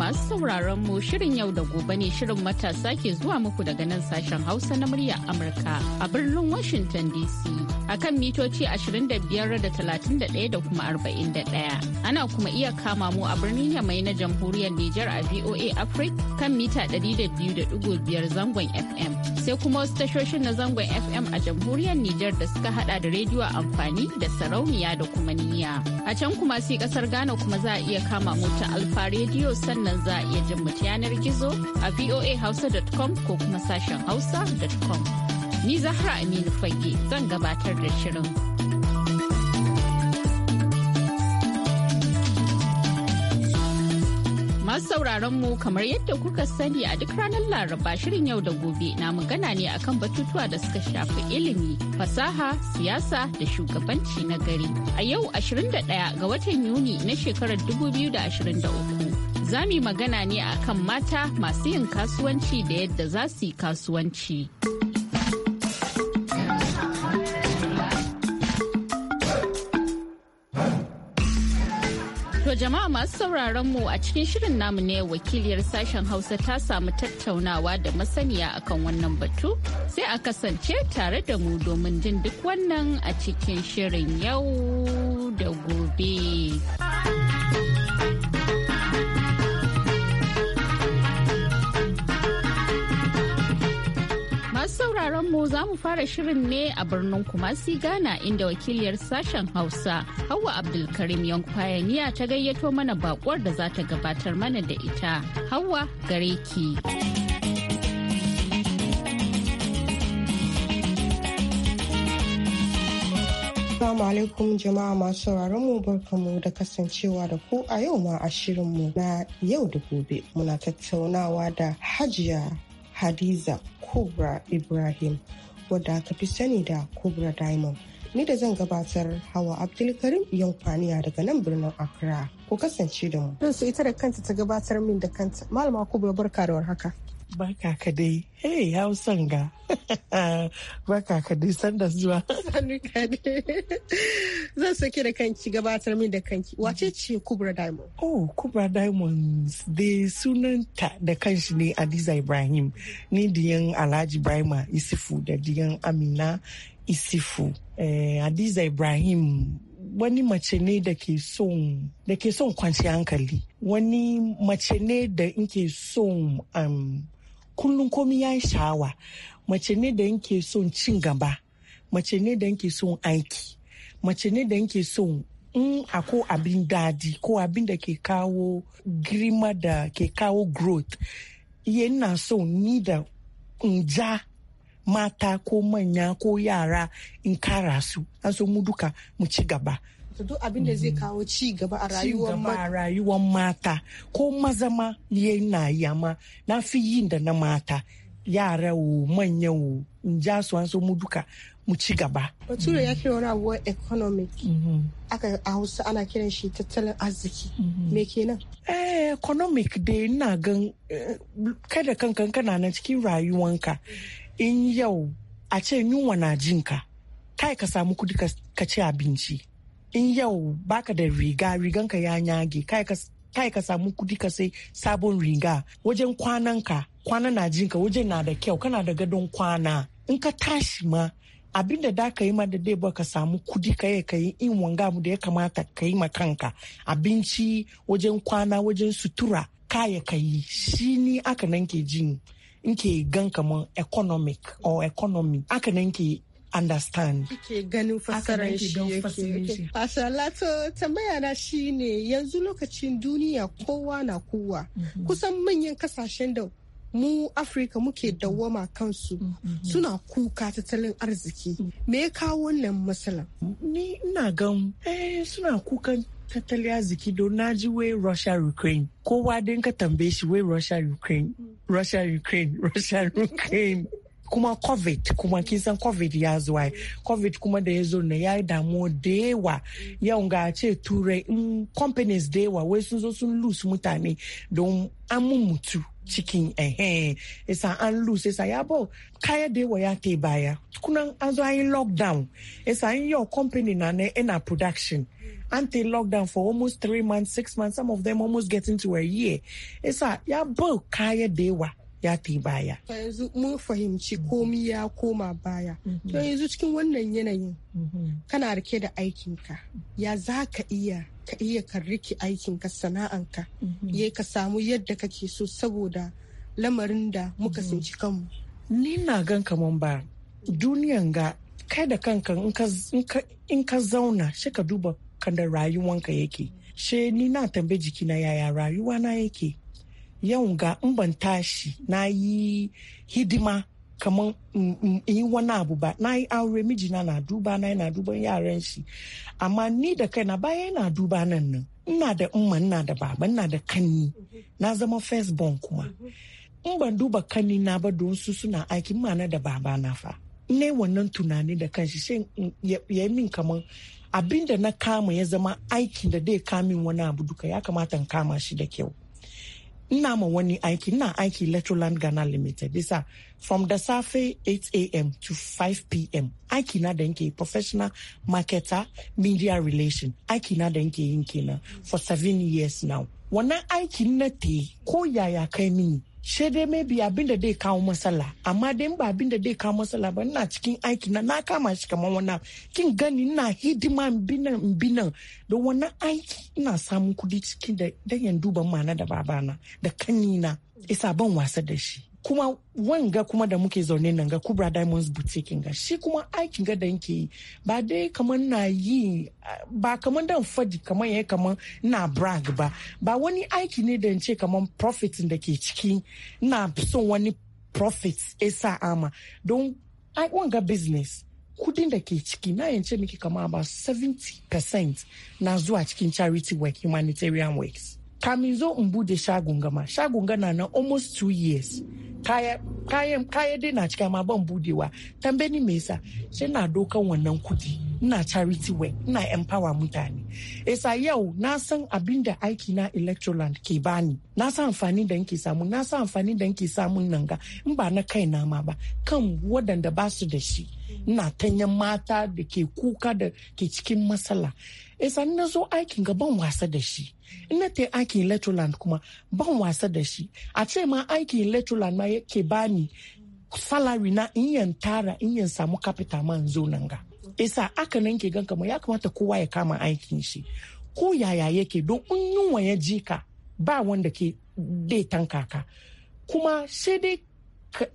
masu sauraron mu shirin yau da gobe ne shirin matasa ke zuwa muku daga nan sashen Hausa na murya Amurka a birnin Washington DC. a kan mitoci 25 da 31 da kuma 41. Ana kuma iya kama mu a birnin Yamai na jamhuriyar Nijar a VOA Africa kan mita 200.5 zangon FM. Sai kuma wasu tashoshin na zangon FM a jamhuriyar Nijar da suka hada da rediyo amfani da sarauniya da kuma niyya. A can kuma sai kasar Ghana kuma za a iya kama mu ta Alfa rediyo sannan za a iya jin mu yanar gizo a voahausa.com ko kuma sashen hausa.com. Ni Zahra Aminu Fage zan gabatar da shirin. Masu sauraron mu kamar yadda kuka sani a duk ranar Laraba shirin yau da gobe na magana ne akan batutuwa da suka shafi ilimi, fasaha, siyasa da shugabanci na gari. A yau 21 ga watan Yuni na shekarar 2023. za mu magana ne akan mata masu yin kasuwanci da yadda za su yi kasuwanci. jama'a masu sauraron mu a cikin shirin namu ne wakiliyar sashen Hausa ta samu tattaunawa da masaniya akan wannan batu sai a kasance tare da mu domin jin duk wannan a cikin shirin yau da gobe. sauraron mu za mu fara shirin ne a birnin Kumasi Ghana inda wakiliyar sashen Hausa Hauwa Abdulkarim Young Pioneer ta gayyato mana bakuwar da za ta gabatar mana da ita. Hauwa gare ki. Assalamu alaikum jama'a masu sauraron mu barkamu da kasancewa da ku a yau ma a shirinmu na yau da gobe muna tattaunawa da Hajiya hadiza kubra ibrahim wadda aka fi sani da kubra diamond ni da zan gabatar hawa abdulkarim yankwaniya daga nan birnin accra ku kasance da mu su ita da kanta ta gabatar min da kanta malama kubra barka da warhaka barka ka dai hey hausan ga barka ka dai sanda zuwa ka dai zan sake da kanki gabatar min da kanki wace ce kubra diamond oh kubra diamonds da sunanta da kanshi ne adiza ibrahim ni diyan alhaji Ibrahim isifu da diyan amina isifu eh, adiza ibrahim wani mace ne da ke son da ke son hankali wani mace ne da nke son um, kullum komi ya yi sha'awa mace ne da yake son cin gaba mace ne da yake son aiki mace ne da yake son in ako abin dadi ko abin da ke kawo girma da ke kawo growth yana so ni da in ja mata ko manya ko yara in kara su an so mu duka mu ci gaba mata duk abin da zai mhm. kawo ci gaba a rayuwar mata. rayuwar mata ko maza ma na amma na fi yin da na mata yara wo manya wo in ja su an so mu duka mu ci gaba. Bature ya mhm. kira wani economic. Mhm. Aka a Hausa ana kiran shi tattalin arziki. Me kenan? Eh economic da ina gan eh, kada kankan kana nan cikin rayuwanka. In yau a ce yunwa na jinka. kai ka samu kudi ka ci abinci in yau baka da riga riganka ya nyage kai ka samu kudi ka sai sabon riga wajen kwanan ka kwana na jinka wajen na da kyau kana da gadon kwana in ka tashi ma abin da da ka yi ma da dai ka samu kudi ka ka yi in wanga mu da ya kamata ka yi ma kanka abinci wajen kwana wajen sutura kaya ka yi shi ni aka nan ke jin in gan kamar economic or economy aka nan ke understand. Ake ganin fassarar shi yake. Masalato tambaya na shi ne yanzu lokacin duniya kowa na kowa. Mm-hmm. Kusan manyan kasashen da mu Afrika muke mm-hmm. dawwama kansu mm-hmm. suna kuka tattalin arziki. Me ya kawo wannan matsala? Ni ina gan eh, suna kukan tattalin arziki don na ji wai Russia Ukraine. Kowa din ka tambaye shi wai Russia Ukraine. Russia Ukraine, Russia Ukraine. kuma covid kuma kisan san covid ya zuwa covid kuma da ya zo na ya yi dawa da yawa yau ga ce turai in companies da yawa wai sun zo sun lose mutane don an mutu cikin ehe isa an lose isa ya bo kaya da yawa ya te baya kunan an zo an lockdown isa an yi company na ne ina production anti lockdown for almost three months six months some of them almost getting to a year isa ya bo kaya da yawa ya fi baya. yanzu mun fahimci mhm. komi ya koma baya to mhm. yanzu cikin wannan yanayin mhm. kana rike da aikinka ya za ka iya ka iya ka rike aikinka sana'anka ya ka samu yadda kake so saboda lamarin da muka sinci kanmu. ni na gan kaman ba duniyan ga kai da kanka in ka zauna shi ka duba kan da rayuwanka yake she ni na jiki jikina yaya rayuwa na yake yau ga in ban tashi na yi hidima kamar in yi wani abu ba na yi aure mijina na duba na yana duban yaran shi amma ni da kaina baya yana duba nan nan ina da umma ina da baba ina da kanni na zama first born kuma in ban duba kanni na ba don su suna aiki mana da baba na fa ne wannan tunani da kanshi sai ya min kamar abin na kama ya zama aikin da dai kamin wani abu duka ya kamata in kama shi da kyau ina ma wani aiki na aiki electroland ghana limited bisa from da safe 8 a.m to 5 p.m aiki na da nke professional marketer media relation aiki na da nke yin kenan for seven years now wannan aikin na te ko yaya kai mini she dai biya abin da dai kawo matsala amma dai ba abin da dai kawo matsala ba ina cikin aiki na na kama shi kamar wannan kin gani ina hidima binan binan da wani aiki ina samun kudi cikin da dan yan duban mana da babana da kanina isa ban wasa da shi kuma wanga kuma da muke zaune nan ga kubra diamonds boutique ga shi kuma aikin ga da yake yi ba dai kamar na yi ba kamar dan fadi kamar ya kamar na brag ba ba wani aiki ne da ce kamar profit da ke ciki na son wani profit esa ama don wanga business kudin da ke ciki na yance miki kama ba 70% na zuwa cikin charity work humanitarian works kamin zo in bude shagon gama shagon gana na almost two years kaya kayan dai na cika ma ban budewa tambe ni me yasa sai na dokan wannan kudi ina charity work ina empower mutane Isa yau na san abin da aiki na electroland ke bani na san amfani da nke samu na san amfani da nke samun nan ga in ba na kai na ma ba kan wadanda ba su da shi ina tanyan mata da ke kuka da ke cikin matsala yasa na zo aikin gaban wasa da shi in na ta aikin letterland kuma ban wasa da shi a ce ma aikin letterland ma yake bani salary na inyan tara inyan samu capital man zo nan ga isa aka nan ke gan kamar ya kamata kowa ya kama aikin shi ko yaya yake don in yunwa ya ji ka ba wanda ke dai tanka kuma sai dai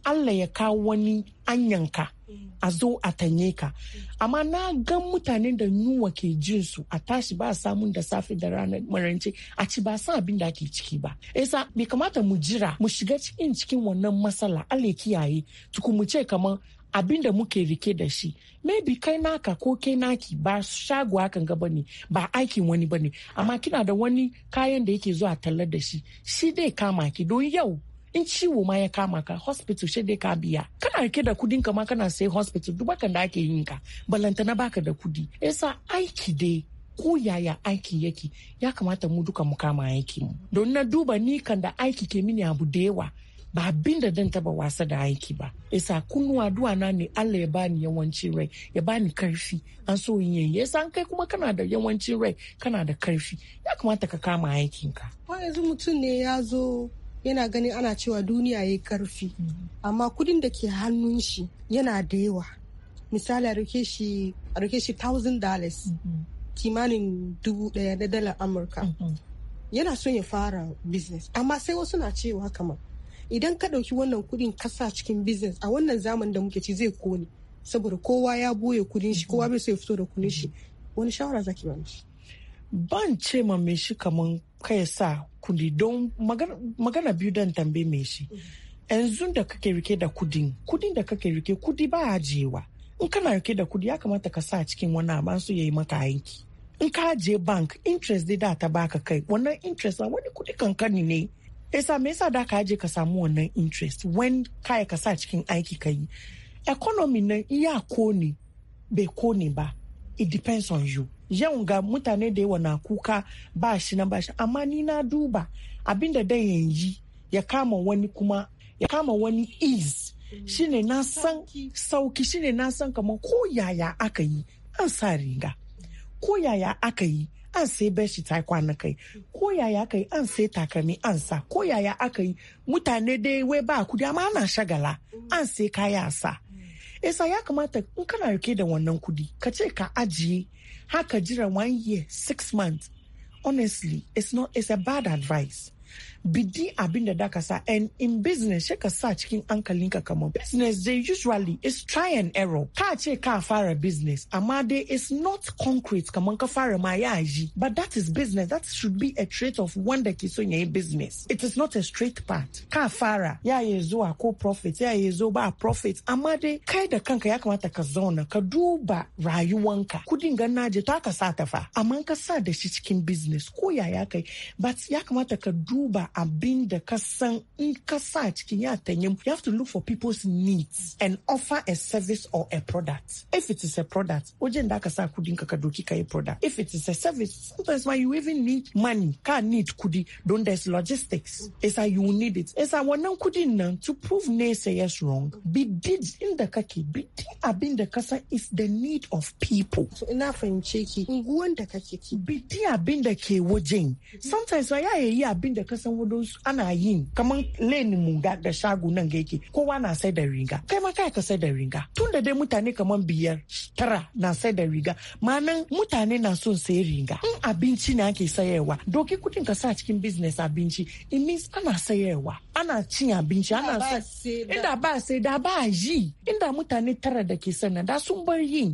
Allah ya kawo wani anyanka a zo a tanye ka amma na gan mutanen da yunwa ke jin su a tashi ba samun da safe da ranar marance a ci ba san abin da ake ciki ba yasa eh, bai kamata mu jira mu shiga cikin cikin wannan matsala ale kiyaye tuku mu ce kamar abin da muke rike da shi maybe kai naka ko kai naki ba shago hakan ga bane ba aikin wani bane amma kina da wani kayan da yake zuwa tallar da shi shi dai kama ki don yau in ciwo ma ya kama ka hospital shi dai ka biya kana rike da kudin ka ma kana sai hospital duk da ake yin ka balanta na baka da kudi yasa aiki dai ko yaya aiki yake ya kamata mu duka mu kama aiki mu don na duba ni kan da aiki ke mini abu da yawa ba abin da dan taba wasa da aiki ba yasa kunnuwa duwa na ne Allah ya bani yawancin rai ya bani karfi an so yin yayi yasa an kai kuma kana da yawancin rai kana da karfi ya kamata ka kama aikin ka yanzu mutum ne ya zo yana ganin ana cewa duniya ya yi karfi amma kudin da ke hannun shi yana da yawa misali a rike shi thousand dollars kimanin dubu daya na dalar amurka yana son ya fara business amma sai wasu na cewa kamar idan ka ɗauki wannan kudin kasa cikin business a wannan zamani da muke ci zai kone saboda kowa ya boye kudin shi kowa bai so ya fito da kudin shi wani shawara zaki ban ce ma me shi kaman kai sa kudi don magana, biyu dan tambe mai shi yanzu da kake rike da kudin kudin da kake rike kudi ba ajiyewa in kana rike da kudi ya kamata ka sa cikin wani amma su yayi maka yanki in ka je bank interest dai da ta baka kai wannan interest a wani kudi kankani ne yasa me yasa da ka je ka samu wannan interest when kai ka sa cikin aiki kayi economy nan iya ne bai ko kone ba it depends on you yau ga mutane da yawa na kuka ba shi nan ba shi amma ni na duba abinda da yanzu ya kama wani kuma ya kama wani is shine na san sauki shine na san kamar ko yaya aka yi an sa riga ko yaya aka yi an sai beshi ta kwana kai ko yaya aka yi an sai takalmi an sa ko yaya aka yi mutane dai wai ba kudi amma ana shagala an sai kaya sa Isa ya kamata in kana rike da wannan kudi ka ce ka ajiye haka jira one year six months honestly it's not it's a bad advice bidi abin da daka sa and in business she ka sa cikin hankalin ka kamar business dey usually is try and error ka ce ka fara business amma dey is not concrete kamar ka fara ma ya ji but that is business that should be a trait of da ke son yayi business it is not a straight path ka fara ya yi zuwa ko profit ya yi zo ba profit amma dai kai da kanka ya kamata ka zauna ka duba rayuwanka kudin gan naje ta ka sa ta fa amma ka sa da shi cikin business ko yaya kai but ya kamata ka duba abin da ka in ka sa cikin ya you have to look for people's needs and offer a service or a product if it is a product wajen da aka sa kudin ka ka product if it is a service sometimes when you even need money ka need kudi don't there there's logistics esa you need it esa wannan kudi nan to prove yes wrong be did inda kake be abin da is the need of people so ina fahimce cheki unguwan da kake ki be abin da ke wajen mhm. sometimes ya yayi abin da kasa. gwargwado ana yin kamar lenin mu da shago nan ga yake kowa na sai da riga kai ma kai ka sai da riga tun da dai mutane kamar biyar tara na sai da riga nan mutane na son sai riga in abinci ne ake sayarwa doki kudin ka sa cikin business abinci it means ana sayarwa ana cin abinci ana inda ba sai da ba yi inda mutane tara da ke sana da sun bar yin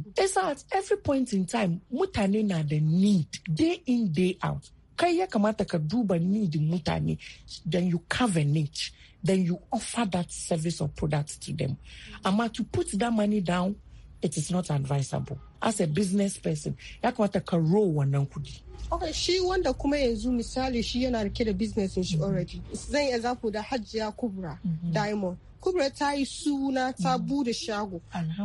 at every point in time mutane na da need day in day out kai ya kamata ka duba needin mutane then you carve a niche then you offer that service or product to them amma to put that money down it is not advisable as a business person ya kamata ka row wannan kudi ok shi wanda kuma yanzu misali shi yana rike da business shi mm-hmm. already zan iya zaku da hajjiya kubra mm-hmm. diamond kubra ta yi suna ta mm-hmm. bude shago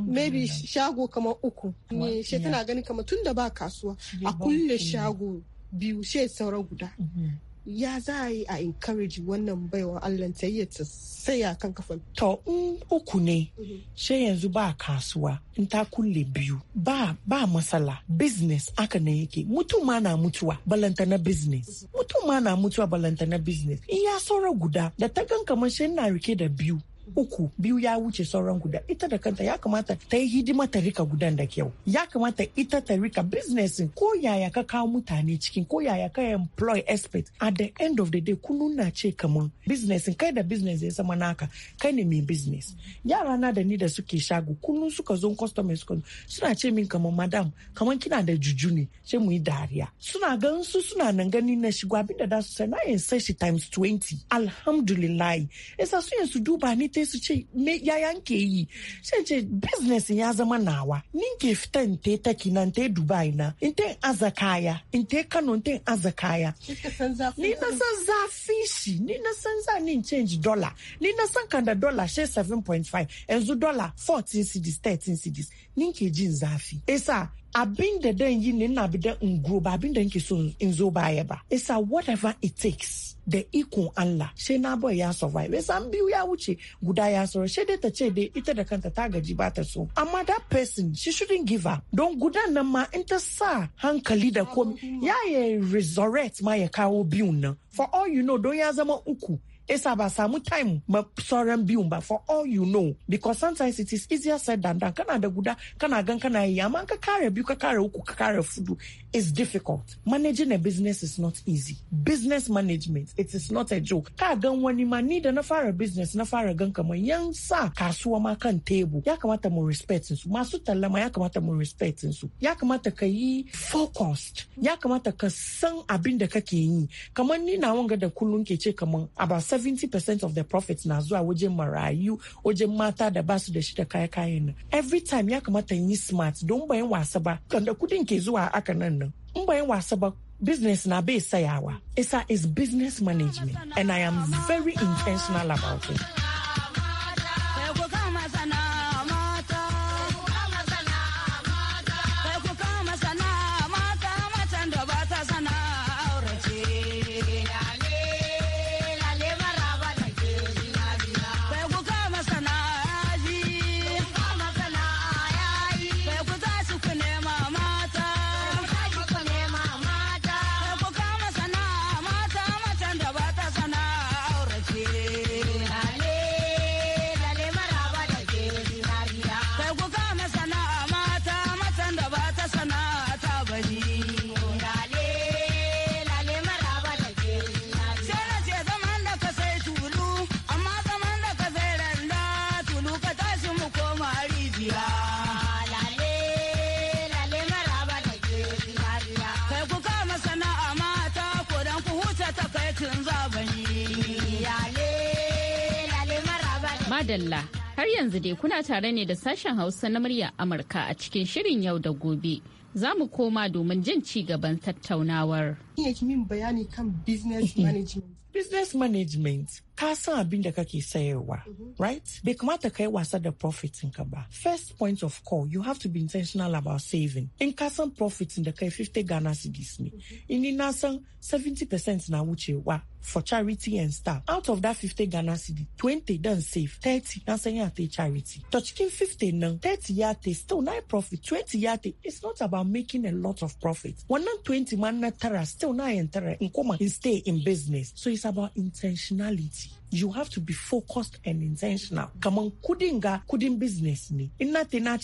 maybe shago kamar uku ne shi tana gani kamar tun da ba kasuwa a kulle shago biyu she sauran guda mm-hmm. ya za a yi a encourage wannan baiwa allah ta yi ta saya kan kafan to in uku ne mm-hmm. she yanzu ba kasuwa in ta kulle biyu ba ba matsala business aka ne yake mutum ma na mutuwa balanta na business mm-hmm. mutum ma na mutuwa balanta na business in ya saura guda da ta gan kamar she na rike da biyu uku biyu ya wuce sauran guda ita da kanta ya kamata ta yi hidima ta rika gudan da kyau ya kamata ita ta rika business ko yaya ka kawo mutane cikin ko yaya ka employ expert at the end of the day ku nuna ce kaman business kai da business ya zama naka kai ne mai business yara na da ni da suke shago kunun suka zo customers suna ce min kaman madam kaman kina da juju ne sai mu yi dariya suna gan su suna nan gani na shigo abinda da su sai na yin sai shi times 20 alhamdulillah yasa su yin su duba ni sai su ce me yaya nke yi sai ce business ya zama nawa nin ke fita in te taki na in te dubai na in te aza kaya in te kano in te aza kaya ni na san zafin shi ni na san za ni change dollar ni na san kanda dollar she 7.5 yanzu dollar 14 cedis 13 cedis nin ke jin zafi esa abin da dan yi ne na bi da in ba abin da nke so in zo ya ba isa whatever it takes da ikon Allah She na boy ya survive isa biyu ya wuce guda ya soro. She dai ta ce dai ita da kanta ta gaji ba ta so amma that person she shouldn't give up don guda nan ma in ta sa hankali da komi ya ya resurrect ma ya kawo biyun nan for all you know don ya zama uku Isa ba samu time ma sauran biyun ba for all you know because sometimes it is easier said than done kana da guda kana gan kana yi amma ka kare biyu ka kare uku ka kare fudu is difficult. Managing a business is not easy. Business management, it is not a joke. Ka gan wani ma ni da na fara business na fara gan kamar yan sa kasuwa ma kan table. Ya kamata mu respect su. Masu talama ya kamata mu respect su. Ya kamata ka yi focused. Ya kamata ka san abin da kake yi. Kamar ni na wanga da kullum ke ce kamar about 70% of the profit na zuwa wajen marayu, wajen mata da basu da shi da kaya kayan na. Every time ya kamata yi smart don bayan wasa ba. Kan da kudin ke zuwa aka nan din in ba yin wasa ba business na bai sayawa isa is business management and i am very intentional about it Madalla, har yanzu dai kuna tare ne da sashen Hausa na murya Amurka a cikin shirin yau da gobe. Za mu koma domin jin ci gaban tattaunawar. ka san abin da kake sayarwa mm-hmm. right bai kamata ka yi wasa da profitin ka ba first point of call you have to be intentional about saving in ka san profitin da kai 50 ghana cedis ne mm-hmm. in na san 70% na wa for charity and stuff. Out of that 50 Ghana CD, 20 done save, 30 na saying charity. To chicken 50 now, 30 yate, still not profit, 20 yate. It's not about making a lot of profit. One 20 man na tara, still not enter in coma, in stay in business. So it's about intentionality you have to be focused and intentional kaman kudin ga business ne in na ta na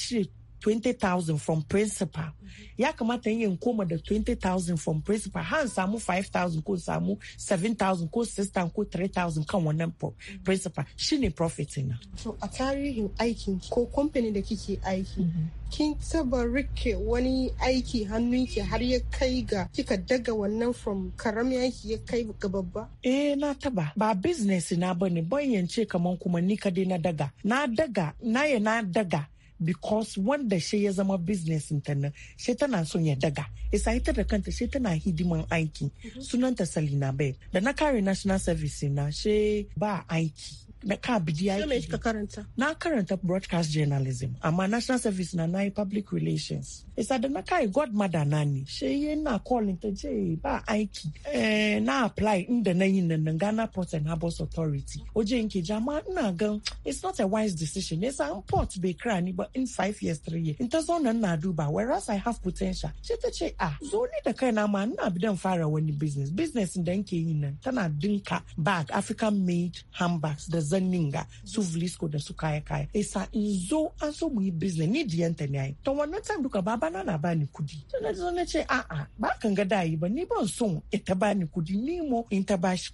20,000 from principal mm-hmm. ya kamata yin koma da 20,000 from principal har samu 5,000 ko samu 7,000 ko 6,000 ko 3,000 kan wannan mm-hmm. principal shine profit na. so a tarihin aikin ko kwamfani da kike aiki mm-hmm. kin taba rike wani aiki hannunki har ya kai ga kika daga wannan from karami aiki ya kai ga babba? Eh na taba ba business na bane ban yance kaman kuma ni kadai na daga na daga na ya na daga because wanda shi ya zama business ta nan shi tana son ya daga isa ita da kanta shi tana hidiman aiki mm-hmm. sunanta salina bai da na kare national service na shi ba aiki da ka bidi ya me kika karanta na karanta broadcast journalism amma national service na nayi public relations isa da na kai godmother nani. she yi na calling ta je ba aiki eh na apply inda na yin nan Ghana Port and Harbors Authority oje nke jama na gan it's not a wise decision isa in port bai kira ni ba in 5 years 3 years in ta zo nan na duba whereas i have potential she te che ah zo ni da kai na ma ina bidan fara wani business business da nke yi nan tana dinka bag african made handbags da zannin ga su vlisco da su kaya kaya isa in zo an so mu yi business ni diyanta ne ai to wannan time duka baba na na bani kudi to na zo na ce a'a ba kan ga dayi ba ni ban so ita bani kudi ni mo in ta bashi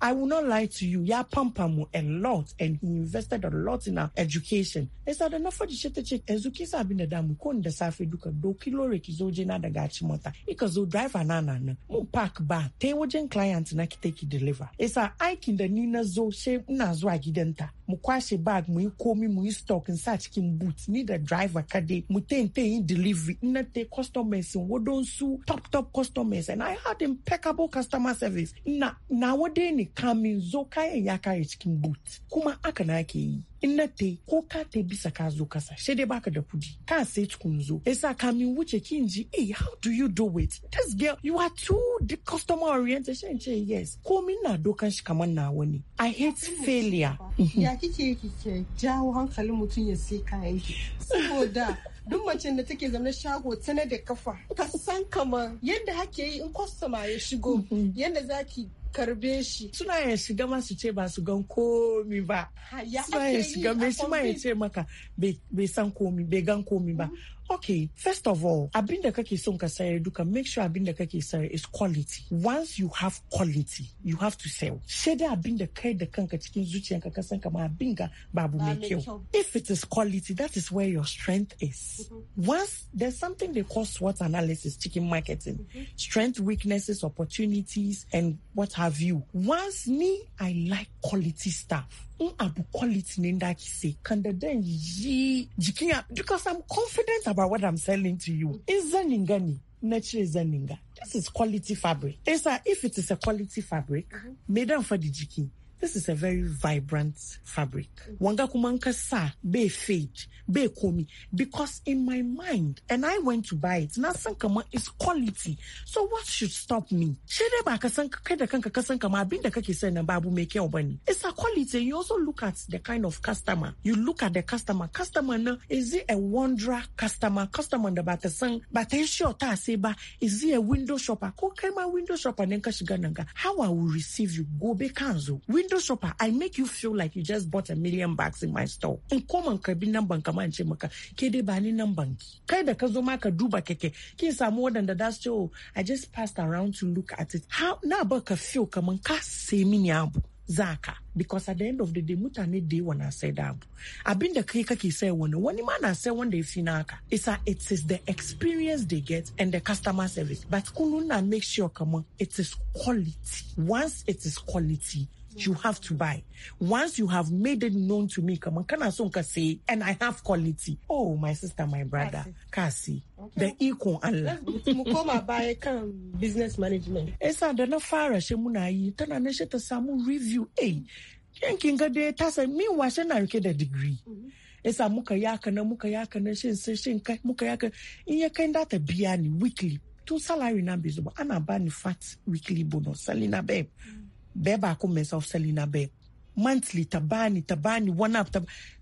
I will not lie to you. Ya pampamu a lot and he invested a lot in our education. Esa for the faji chete chete ezukisa abin da damu ko da safe duka doki lore ki zoje na daga ci mota. Ika zo driver na na na. Mu park ba te clients and na ki deliver. Esa aikin da ni na zo she ina zuwa gidanta. bag mu yi komi mu stock in such cikin boot ni a driver kade mu tente yin delivery ina te customers wodon su top top customers and I had impeccable customer service. Na na awa dai ne kamin zo kayan ya kare cikin boot kuma aka na ke yi in na te ko ka te bisa ka zo kasa sai dai baka da kudi ka sai cikin zo yasa kamin wuce kin ji eh how do you do it this girl you are too the customer oriented shan ce yes min na dokan shi kamar na wani i hate failure mhm. ya kike kike jawo hankalin mutum ya sai kayan ki saboda duk macen da take zaune shago tana da kafa ka san kamar yadda hake yi in kwastoma ya shigo mhm. yadda zaki karbe shi suna ya shiga ma su ce ba su gan komi ba suna ya shiga mai shi ma ya ce maka bai san komi bai gan komi ba mm-hmm. okay first of all abin da kake son ka duka make sure abin da kake sayar is quality once you have quality you have to sell shaida abin bring kai da kanka cikin zuciyanka ka san kama abin ga babu mai kyau if it is quality that is where your strength is mm-hmm. once there's something they call SWOT analysis chicken marketing mm-hmm. strength weaknesses opportunities and what have you once me i like quality stuff in quality ne da ki sai kan da because I'm confident about what I'm selling to you. In zanin gani na cire This is quality fabric. Esa if it is a quality fabric, me mm-hmm. for fadi jiki this is a very vibrant fabric. Wanga kumanka sa be fade, be komi. Because in my mind, and I went to buy it, na sankama is quality. So what should stop me? Shere ba kasanka keda kanka kasankama abinda kake say na babu meke obani. It's a quality. You also look at the kind of customer. You look at the customer. Customer na, is he a wanderer customer? Customer na bata sang, bata sure ta seba, is he a window shopper? Ko kema window shopper nenka nanga. How I will receive you? Go be kanzo. Window window shopper, I make you feel like you just bought a million bucks in my store. In koma karbi namban kama in ce maka, ke dai ba ni namban Kai da ka zo ma ka duba keke, kin samu waɗanda da su ce, oh, I just passed around to look at it. How na ba ka feel kaman ka sai mini abu. zaka because at the end of the day mutane day yawa na sai da abu abin da kai kake sai wani wani ma na sai wanda ya fi naka it's a, it is the experience they get and the customer service but kullum na make sure kaman it is quality once it is quality you have to buy. Once you have made it known to me, come on, can I say, and I have quality. Oh, my sister, my brother, Cassie. Okay. The equal Allah. Mukoma by business management. Esa da na fara she muna tana na samu review eh. Yankin ga da ta sai min washe na rike degree. Mm-hmm. Esa muka mukayaka, na muka yaka na shin sai mukayaka, muka in ya da ta weekly. Two salary na bizo ana ba fat weekly bonus salina babe. Mm. bɛɛ baako ko mɛnsa fusali na bɛɛ monthly ta bani ta bani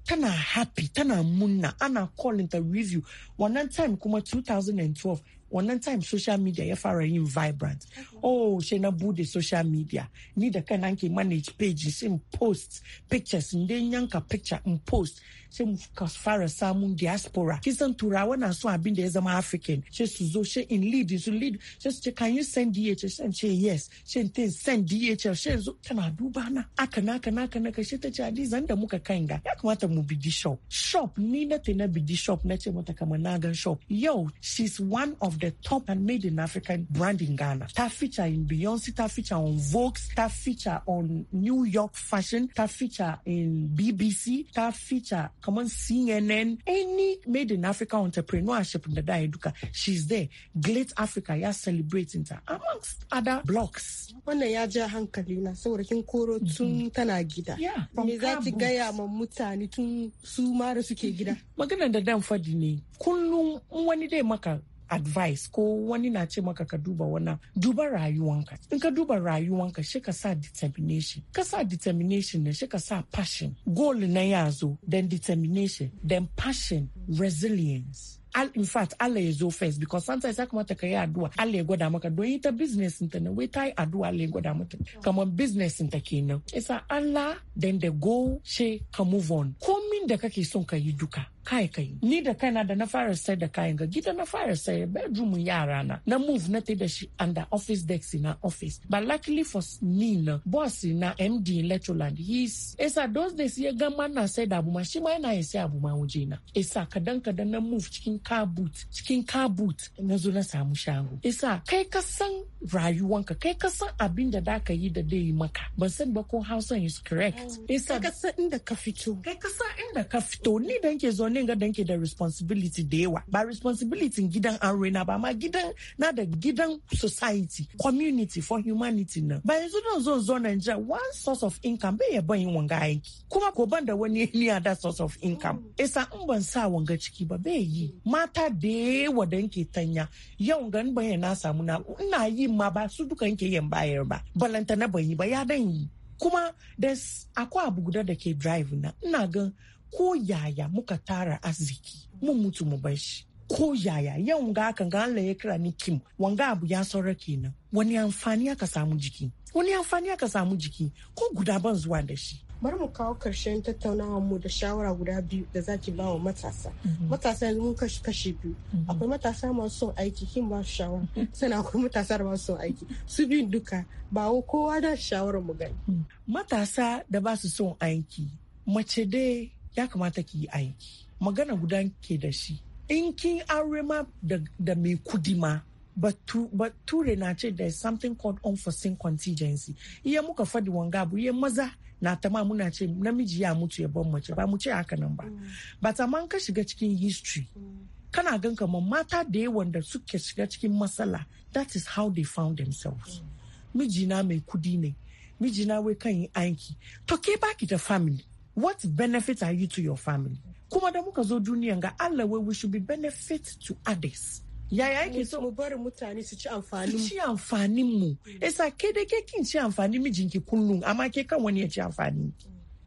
tana happy tana munna ana calling ta review wannan time kuma 2012 One time social media ya far yin vibrant mm-hmm. oh she na bude social media ni da kana manage pages in posts, pictures in dai yanka picture in post sai mu fara samun diaspora kisan turawa na so abin da ya zama african she su she in lead su lead she su can you send dhl she ce yes she intends send dhl she zo "Can I do aka na aka na aka na she ta ce zan da muka kanga. ga ya kamata mu shop shop ni tena ta na bidi shop na ce mata kamar shop Yo, she's one of the top and made in African brand in Ghana. Ta feature in Beyonce, ta feature on Vogue, ta feature on New York fashion, ta feature in BBC, ta feature, come on, CNN, any made in Africa entrepreneurship in the Educa, she's there. Great Africa, ya celebrating ta amongst other blocks. Wannan na saboda tun suke dan advice ko wani na ce maka ka duba wana duba rayuwanka in ka duba rayuwanka shi ka sa determination ka sa determination ne shi ka sa passion goal na yazo then determination then passion resilience all in fact Allah ya zo first because sometimes ya mata ka yi addu'a Allah ya gwada maka don ta business ta na wai ta yi addu'a Allah ya gwada mata kamar business ta kenan isa Allah then the go she ka move on komin da kake son ka yi duka kai kai ni da kaina da na fara sai da kayan ga gida na fara sai bedroom yara na na move na da shi under office desk na office but luckily for me na boss na MD Electroland he's esa those days ya gama na sai da abuma, shi ma yana ya sai abu waje na esa kadan kadan na move cikin car boot cikin car boot na zo na samu shago esa kai ka san rayuwanka kai ka san abin da daka yi da dai maka ban san ba ko Hausa is correct esa oh. ka san inda ka fito kai ka san inda ka fito ni da nke zo kamfanin gadan danke da responsibility da yawa ba responsibility gidan aure na ba ma gidan na da gidan society community for humanity na ba yanzu don zo zo Nigeria one source of income bai ya ban wanga aiki kuma ko ban da wani ni other source of income mm. isa in ban sa wanga ciki ba bai yi mata da yawa da tanya yau gan ban na samu na ina yi ma ba su duka nke yan bayar ba balanta na ban yi ba ya dan yi kuma akwai abu guda da ke drive na ina gan ko yaya muka tara arziki mun mutu mu bar shi ko yaya yau ga aka ga Allah ya kira ni kim wanga abu ya saura kenan wani amfani aka samu jiki wani amfani aka samu jiki ko guda ban zuwa da shi bari mu kawo karshen tattaunawar mu da shawara guda biyu da zaki ba wa matasa mhm. matasa yanzu mun kashi kashi biyu mhm. akwai matasa masu son aiki kin ba su shawara mhm. sannan akwai matasa da masu son aiki su biyun duka ba kowa da shawara mu gani matasa da ba su son aiki mace dai ya kamata ki yi aiki magana guda ke da shi in kin aure ma da mai kudi ma bature na ce there is something called unforeseen contingency iya muka faɗi wanga abu iya maza na tama muna ce namiji ya mutu ya ban mace ba mu ce haka nan ba mm. ba taman ka shiga cikin history mm. kana gan kamar mata da yawan da suke shiga cikin matsala that is how they found themselves mm. mijina mai kudi ne mijina wai kan yi aiki to ke baki da family what benefit are you to your family kuma da muka zo duniyan ga Allah wai we should be benefit to others yaya yake so mu bari mutane su ci amfanin ci amfanin mu isa ke da ke kin ci amfanin mijinki kullum amma ke kan wani ya ci amfani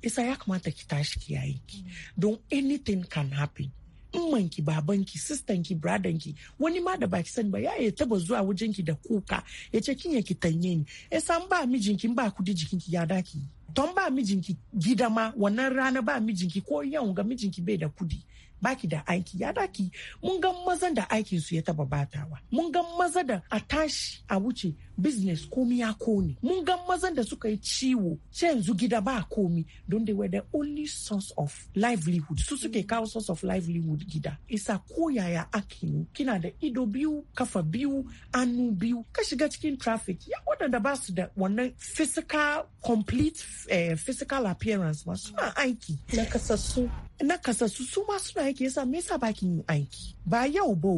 isa ya kamata ki tashi ki yayi mm. don anything can happen ummanki babanki sistanki bradanki wani ma da baki sani ba ya ya taba zuwa wajenki da kuka ya ce kin ya ki tanye ni ya san ba mijinki ba kudi jikinki ya daki don ba mijinki gida ma wannan rana ba mijinki ko yau ga mijinki bai da kudi baki da aiki ya daki mun ga mazan da aikin su ya taba batawa mun ga maza da a tashi a wuce business komi ya kone mun ga mazan da suka yi ciwo sai yanzu gida ba komi don they were the only source of livelihood su suke kawo source of livelihood gida isa ko yaya ake yi kina da ido biyu kafa biyu anu biyu ka shiga cikin traffic ya waɗanda ba su da wannan physical complete uh, physical appearance ma suna aiki na kasassu na kasassu su ma suna aiki yasa me yasa bakin yin aiki ba yau ba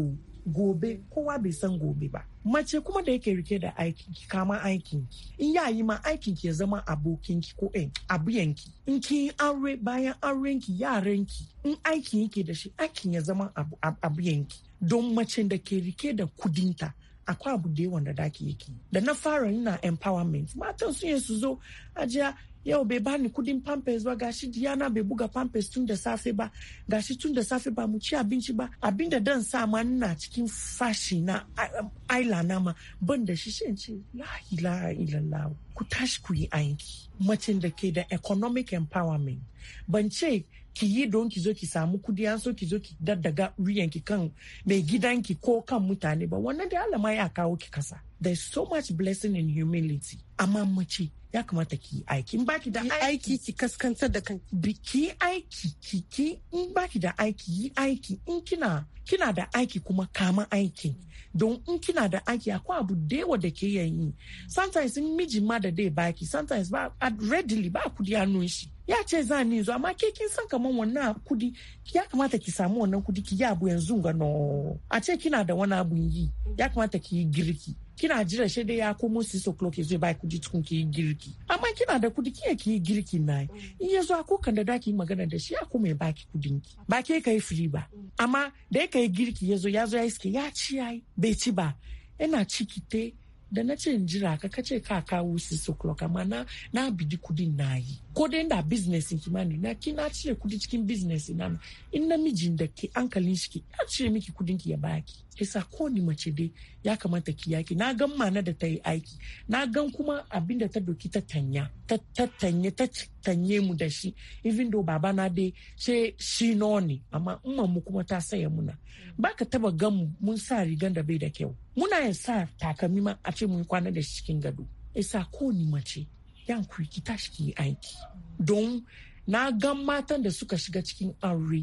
gobe kowa bai san gobe ba mace kuma da yake rike da aikinki kama aikinki in yayi ma aikinki ya zama abokinki ko eh, abiyanki in kin aure bayan aurenki ki in aikin yake da shi aikin ya zama abiyanki don mace da ke rike da kudinta akwai abu da yawan da daki yake da na fara yana empowerment matan su su zo ajiya yau bai bani kudin pampers ba gashi diyana bai buga pampers tun da safe ba gashi tun da safe ba mu ci abinci ba abin da dan sa ma nuna cikin fashi na aila um, na ma ban da shi shan ce lahi lahi ku tashi ku yi aiki macin da ke da economic empowerment ban ce ki yi don ki zo ki samu kudi an so ki zo ki daddaga ki kan mai ki ko kan mutane ba wannan da Allah ma ya kawo ki kasa is so much blessing in humility amma mace ya kamata ki aiki in baki da aiki ki kaskantar da kan biki aiki ki in baki da aiki yi aiki in kina kina da aiki kuma kama aiki don in kina da aiki akwai abu da yawa da ke yi sometimes in miji ma da dai baki sometimes ba readily ba kudi hannun shi ya ce za ni zo amma ke kin san kaman wannan kudi ya kamata ki samu wannan kudi ki yi abu yanzu ga no a ce kina da wani abu yi ya kamata ki yi girki kina jira shi dai ya komo six o'clock ya zo ba kudi tukun ki girki amma kina da kudi kiye ki girki na in ya zo ko kan da daki magana da shi ya kuma ya baki kudin ki ba ke kai free ba amma da ya yi girki ya zo ya zo ya iske ya ci yayi bai ci ba yana ciki te da na ce jira ka kace ka kawo six o'clock amma na na bidi kudin na yi ko dai da business in kimani na ki na cire kudi cikin business na in namijin da ke ankalin shi ki ya ce miki kudin ki ya baki isa ko ni mace dai ya kamata ki yaki na gan mana da ta yi aiki na gan kuma abin da ta doki ta tanya ta tanye ta tanye mu da shi even though baba na dai sai shi ne amma umman mu kuma ta saya muna baka taba gan mun sa rigan da bai da kyau muna yin sa takalmi ma a ce mun kwana da shi cikin gado isa ko ni mace yan ku ki tashi ki yi aiki don na gan matan da suka shiga cikin aure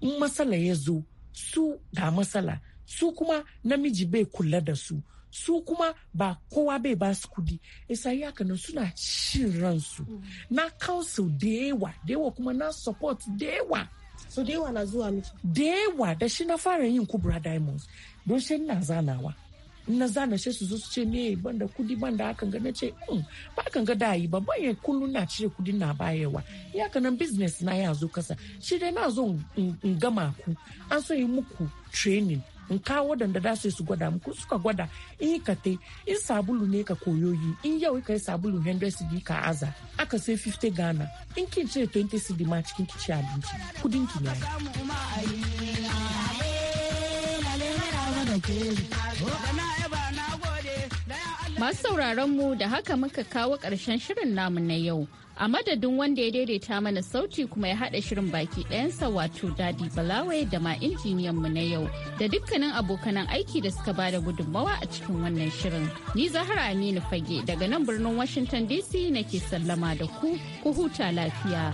in matsala ya zo su ga matsala su kuma namiji bai kula da su su kuma ba kowa bai ba su kudi isa haka nan suna cin ransu mm. na council da yawa da yawa kuma na support da yawa so da yawa na zuwa miki da yawa da shi na fara yin kubra diamonds don shi na zanawa na zana shi su zo su ce ne ban da kudi ban da hakan ga na ce mm, ba kan ga yi ba ban ya kullum na cire kudi na bayarwa ya kanan business na ya zo kasa shi dai na zo in gama ku an so yi muku training in kawo waɗanda da su su gwada muku suka gwada in yi ka in sabulu ne ka koyoyi in yau ka yi sabulu 100 cd ka aza aka sai 50 ghana in kin ce 20 cd ma cikin kici abinci kudin ki ne Thank Masu sauraron mu da haka muka kawo ƙarshen shirin namu na yau. A madadin wanda ya daidaita mana sauti kuma ya haɗa shirin baki ɗayansa wato Dadi balawai da ma injiniyan mu na yau da dukkanin abokanan aiki da suka bada gudummawa a cikin wannan shirin. Ni Zahra Aminu Fage daga nan birnin Washington DC nake sallama da ku, ku huta lafiya.